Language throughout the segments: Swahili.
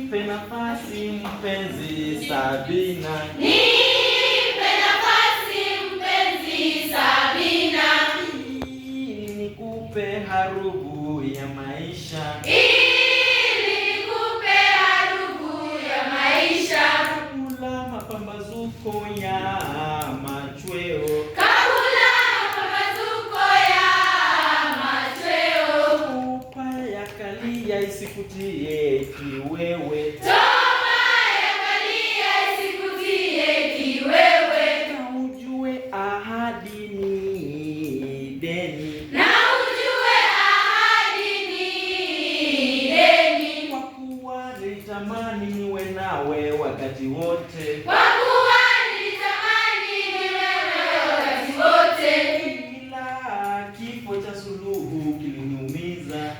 nipe nafasi mpenzi Sabina, nipe nafasi mpenzi Sabina, ili nikupe harubu ya maisha, ili nikupe harubu ya maisha, kula mapambazuko ya angalia isikutie kiwewe. Toma angalia isikutie kiwewe. Na ujue ahadi ni deni. Na ujue ahadi ni deni. Kwa kuwa nilitamani niwe nawe wakati wote. Kwa kuwa nilitamani niwe nawe wakati wote. Ila kifo cha suluhu kiliniumiza.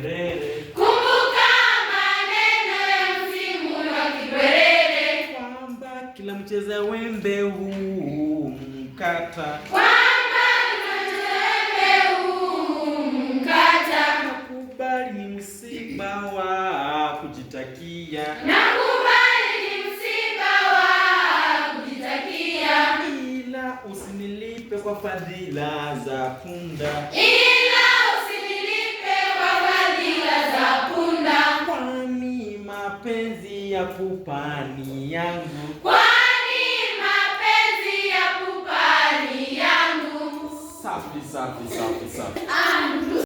Kiberere. Kumbuka maneno ya msimu wa Kiberere, kwamba kila mcheza wembe huu kwamba wembe huu nakubali ni msiba wa kujitakia, nakubali usinilipe kwa fadhila za punda I ya Pupani yangu, kwani mapenzi ya Pupani yangu. Safi, safi, safi, safi.